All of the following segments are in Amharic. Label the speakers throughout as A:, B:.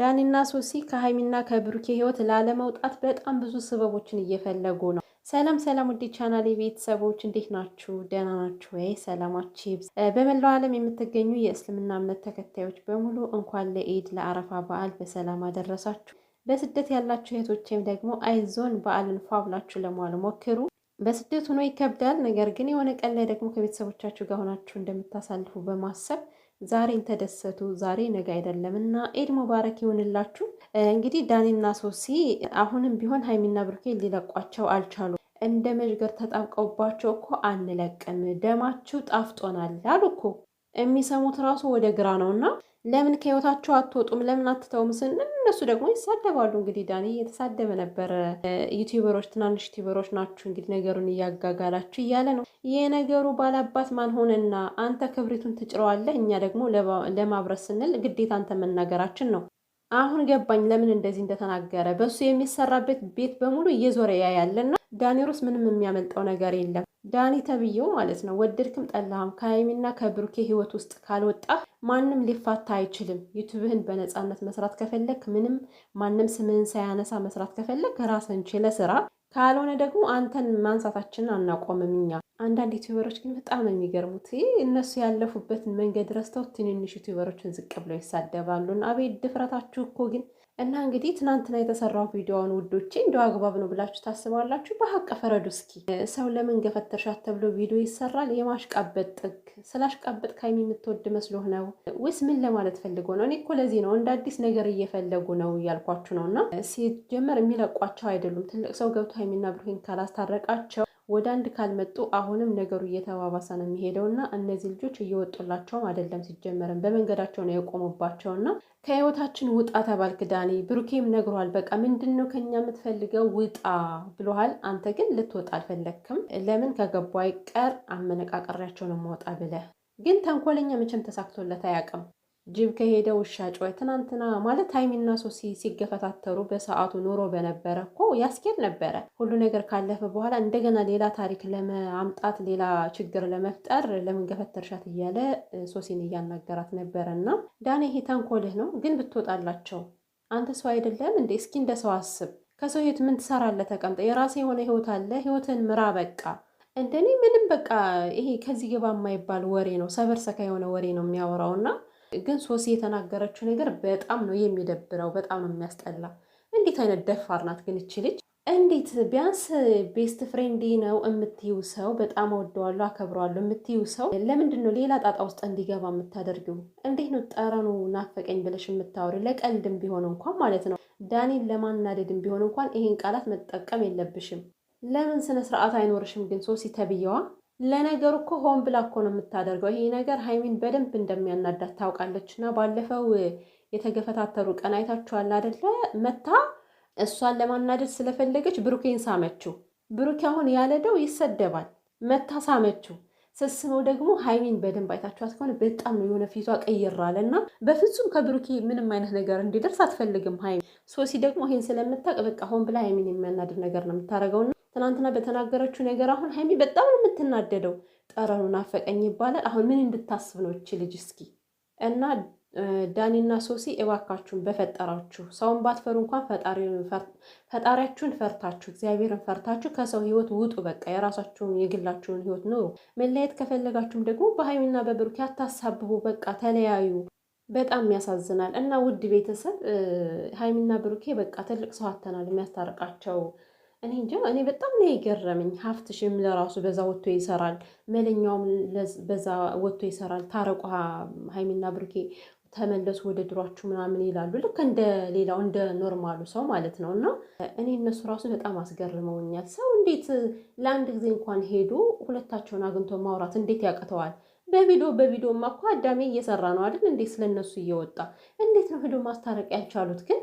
A: ዳኒና ሶሲ ከሀይሚና ከብሩኬ ህይወት ላለመውጣት በጣም ብዙ ስበቦችን እየፈለጉ ነው። ሰላም ሰላም፣ ውዴ ቻናሌ ቤተሰቦች እንዴት ናችሁ? ደህና ናችሁ ወይ? ሰላማችሁ ይብዛ። በመላው ዓለም የምትገኙ የእስልምና እምነት ተከታዮች በሙሉ እንኳን ለኢድ ለአረፋ በዓል በሰላም አደረሳችሁ። በስደት ያላችሁ እህቶቼም ደግሞ አይዞን በዓልን ፏ ብላችሁ ለመዋል ሞክሩ። በስደት ሆኖ ይከብዳል። ነገር ግን የሆነ ቀን ላይ ደግሞ ከቤተሰቦቻችሁ ጋር ሆናችሁ እንደምታሳልፉ በማሰብ ዛሬን ተደሰቱ፣ ዛሬ ነገ አይደለም እና ኤድ ሙባረክ ይሆንላችሁ። እንግዲህ ዳኒና ሶሲ አሁንም ቢሆን ሀይሚና ብሩኬ ሊለቋቸው አልቻሉ። እንደ መዥገር ተጣብቀውባቸው እኮ አንለቅም፣ ደማችሁ ጣፍጦናል አሉ እኮ የሚሰሙት ራሱ ወደ ግራ ነው እና ለምን ከህይወታቸው አትወጡም? ለምን አትተውም ስንል እነሱ ደግሞ ይሳደባሉ። እንግዲህ ዳኒ እየተሳደበ ነበረ። ዩቲዩበሮች፣ ትናንሽ ዩቲዩበሮች ናችሁ እንግዲህ ነገሩን እያጋጋላችሁ እያለ ነው። ነገሩ ባላባት ማን ሆነና አንተ ክብሪቱን ትጭረዋለህ፣ እኛ ደግሞ ለማብረስ ስንል ግዴታ አንተ መናገራችን ነው። አሁን ገባኝ ለምን እንደዚህ እንደተናገረ። በሱ የሚሰራበት ቤት በሙሉ እየዞረ ነው? ዳኒሮስ ምንም የሚያመልጠው ነገር የለም። ዳኒ ተብዬው ማለት ነው ወደድክም ጠላህም ከሀይሚና ከብሩኬ ህይወት ውስጥ ካልወጣ ማንም ሊፋታ አይችልም። ዩቱብህን በነፃነት መስራት ከፈለግ ምንም ማንም ስምህን ሳያነሳ መስራት ከፈለግ ራስን ችለህ ስራ። ካልሆነ ደግሞ አንተን ማንሳታችንን አናቆምም እኛ። አንዳንድ ዩቱበሮች ግን በጣም ነው የሚገርሙት። እነሱ ያለፉበትን መንገድ ረስተው ትንንሽ ዩቱበሮችን ዝቅ ብለው ይሳደባሉን። አቤት ድፍረታችሁ እኮ ግን እና እንግዲህ ትናንትና የተሰራው ቪዲዮውን ውዶቼ እንደው አግባብ ነው ብላችሁ ታስባላችሁ? በሀቅ ፈረዱ እስኪ። ሰው ለምን ገፈተርሻት ተብሎ ቪዲዮ ይሰራል? የማሽቃበጥ ጥግ። ስላሽቃበጥ ካይሚ የምትወድ መስሎህ ነው ወይስ ምን ለማለት ፈልጎ ነው? እኔ እኮ ለዚህ ነው እንደ አዲስ ነገር እየፈለጉ ነው እያልኳችሁ ነው። እና ሲጀመር የሚለቋቸው አይደሉም። ትልቅ ሰው ገብቶ ሀይሚና ብሩኬን ካላስታረቃቸው ወደ አንድ ካልመጡ አሁንም ነገሩ እየተባባሰ ነው የሚሄደው እና እነዚህ ልጆች እየወጡላቸውም አይደለም። ሲጀመርም በመንገዳቸው ነው የቆሙባቸው እና ከህይወታችን ውጣ ተባልክ ዳኒ። ብሩኬም ነግሯል። በቃ ምንድን ነው ከኛ የምትፈልገው ውጣ ብሎሃል። አንተ ግን ልትወጣ አልፈለክም። ለምን ከገባ አይቀር አመነቃቀሪያቸው ነው መውጣ ብለህ ግን ተንኮለኛ መቼም ተሳክቶለት አያውቅም። ጅብ ከሄደ ውሻ ጮኸ። ትናንትና ማለት ሀይሚና ሶሲ ሲገፈታተሩ በሰዓቱ ኑሮ በነበረ እኮ ያስኬድ ነበረ። ሁሉ ነገር ካለፈ በኋላ እንደገና ሌላ ታሪክ ለማምጣት ሌላ ችግር ለመፍጠር ለምን ገፈተርሻት እያለ ሶሲን እያናገራት ነበረ። እና ዳኔ ይሄ ተንኮልህ ነው ግን ብትወጣላቸው አንተ ሰው አይደለም እንዴ? እስኪ እንደ ሰው አስብ። ከሰው ህይወት ምን ትሰራለህ? ተቀምጠ የራሴ የሆነ ህይወት አለ። ህይወትን ምራ በቃ እንደኔ ምንም በቃ ይሄ ከዚህ ግባ የማይባል ወሬ ነው። ሰበርሰካ የሆነ ወሬ ነው የሚያወራውና ግን ሶሲ የተናገረችው ነገር በጣም ነው የሚደብረው፣ በጣም ነው የሚያስጠላ። እንዴት አይነት ደፋር ናት ግን እች ልጅ! እንዴት ቢያንስ ቤስት ፍሬንድ ነው የምትይው ሰው በጣም እወደዋለሁ አከብረዋለሁ የምትይው ሰው ለምንድን ነው ሌላ ጣጣ ውስጥ እንዲገባ የምታደርጊው? እንዴት ነው ጠረኑ ናፈቀኝ ብለሽ የምታወሪ? ለቀልድም ቢሆን እንኳን ማለት ነው ዳኒን ለማናደድም ቢሆን እንኳን ይህን ቃላት መጠቀም የለብሽም። ለምን ስነ ስርዓት አይኖርሽም ግን ሶሲ ተብዬዋ ለነገሩ እኮ ሆን ብላ እኮ ነው የምታደርገው። ይሄ ነገር ሀይሚን በደንብ እንደሚያናዳት ታውቃለች። እና ባለፈው የተገፈታተሩ ቀን አይታችኋል አደለ? መታ እሷን ለማናደድ ስለፈለገች ብሩኬን ሳመችው። ብሩኬ አሁን ያለደው ይሰደባል። መታ ሳመችው። ስስመው ደግሞ ሀይሚን በደንብ አይታችኋት ከሆነ በጣም ነው የሆነ ፊቷ ቀይራል። እና በፍጹም ከብሩኬ ምንም አይነት ነገር እንዲደርስ አትፈልግም ሀይሚ። ሶሲ ደግሞ ይሄን ስለምታውቅ በቃ ሆን ብላ ሀይሚን የሚያናድድ ነገር ነው የምታደርገውና ትናንትና በተናገረችው ነገር አሁን ሀይሚ በጣም ነው የምትናደደው። ጠረኑ ናፈቀኝ ይባላል። አሁን ምን እንድታስብ ነው እች ልጅ? እስኪ እና ዳኒና ሶሲ እባካችሁን በፈጠራችሁ ሰውን ባትፈሩ እንኳን ፈጣሪያችሁን ፈርታችሁ እግዚአብሔርን ፈርታችሁ ከሰው ህይወት ውጡ። በቃ የራሳችሁን የግላችሁን ህይወት ኑሩ። መለየት ከፈለጋችሁም ደግሞ በሀይሚና በብሩኬ አታሳብቡ። በቃ ተለያዩ። በጣም ያሳዝናል። እና ውድ ቤተሰብ ሀይሚና ብሩኬ በቃ ትልቅ ሰው አተናል የሚያስታርቃቸው እኔ እንጃ እኔ በጣም ነው የገረመኝ። ሀፍትሽም ለራሱ በዛ ወጥቶ ይሰራል፣ መለኛውም በዛ ወጥቶ ይሰራል። ታረቁ ሀይሚና ብርኬ ተመለሱ ወደ ድሯችሁ ምናምን ይላሉ። ልክ እንደ ሌላው እንደ ኖርማሉ ሰው ማለት ነው። እና እኔ እነሱ ራሱ በጣም አስገርመውኛል። ሰው እንዴት ለአንድ ጊዜ እንኳን ሄዱ ሁለታቸውን አግኝቶ ማውራት እንዴት ያቅተዋል? በቪዲዮ በቪዲዮ እኮ አዳሜ እየሰራ ነው አይደል? እንዴት ስለነሱ እየወጣ እንዴት ነው ሄዶ ማስታረቅ ያልቻሉት ግን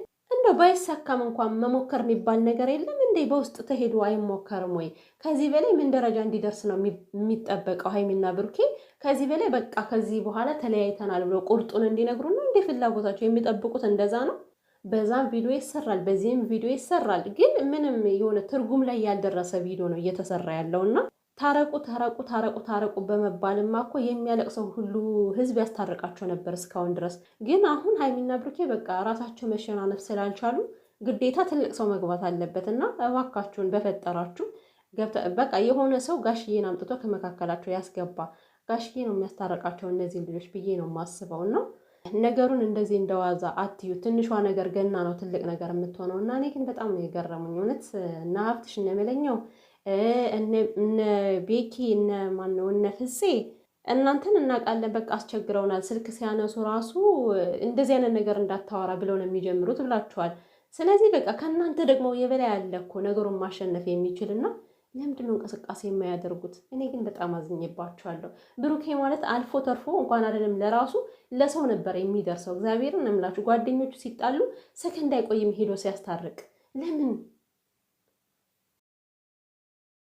A: እንደው ባይሳካም እንኳን መሞከር የሚባል ነገር የለም እንዴ? በውስጥ ተሄዱ አይሞከርም ወይ? ከዚህ በላይ ምን ደረጃ እንዲደርስ ነው የሚጠበቀው? ሀይሚና ብሩኬ ከዚህ በላይ በቃ ከዚህ በኋላ ተለያይተናል ብሎ ቁርጡን እንዲነግሩና እንደ ፍላጎታቸው የሚጠብቁት እንደዛ ነው። በዛም ቪዲዮ ይሰራል፣ በዚህም ቪዲዮ ይሰራል። ግን ምንም የሆነ ትርጉም ላይ ያልደረሰ ቪዲዮ ነው እየተሰራ ያለውና ታረቁ ታረቁ ታረቁ ታረቁ በመባልማ እኮ የሚያለቅሰው ሁሉ ህዝብ ያስታርቃቸው ነበር እስካሁን ድረስ። ግን አሁን ሀይሚና ብሩኬ በቃ ራሳቸው መሸናነፍ ስላልቻሉ ግዴታ ትልቅ ሰው መግባት አለበት እና እባካችሁን በፈጠራችሁ በቃ የሆነ ሰው ጋሽዬን አምጥቶ ከመካከላቸው ያስገባ። ጋሽዬ ነው የሚያስታረቃቸው እነዚህን ልጆች ብዬ ነው የማስበው። እና ነገሩን እንደዚህ እንደዋዛ አትዩ። ትንሿ ነገር ገና ነው ትልቅ ነገር የምትሆነው። እና እኔ ግን በጣም ነው የገረሙኝ እውነት እነ ሀብትሽ እነ እነ ቤኪ እነ ማነው እነ እናንተን እናውቃለን፣ በቃ አስቸግረውናል። ስልክ ሲያነሱ ራሱ እንደዚህ አይነት ነገር እንዳታወራ ብለው ነው የሚጀምሩት ብላችኋል። ስለዚህ በቃ ከእናንተ ደግሞ የበላይ ያለ እኮ ነገሩን ማሸነፍ የሚችል እና ለምንድነው እንቅስቃሴ የማያደርጉት? እኔ ግን በጣም አዝኝባቸዋለሁ። ብሩኬ ማለት አልፎ ተርፎ እንኳን አይደለም ለራሱ ለሰው ነበር የሚደርሰው። እግዚአብሔርን እምላችሁ ጓደኞቹ ሲጣሉ ሰከንድ አይቆይም ሄዶ ሲያስታርቅ ለምን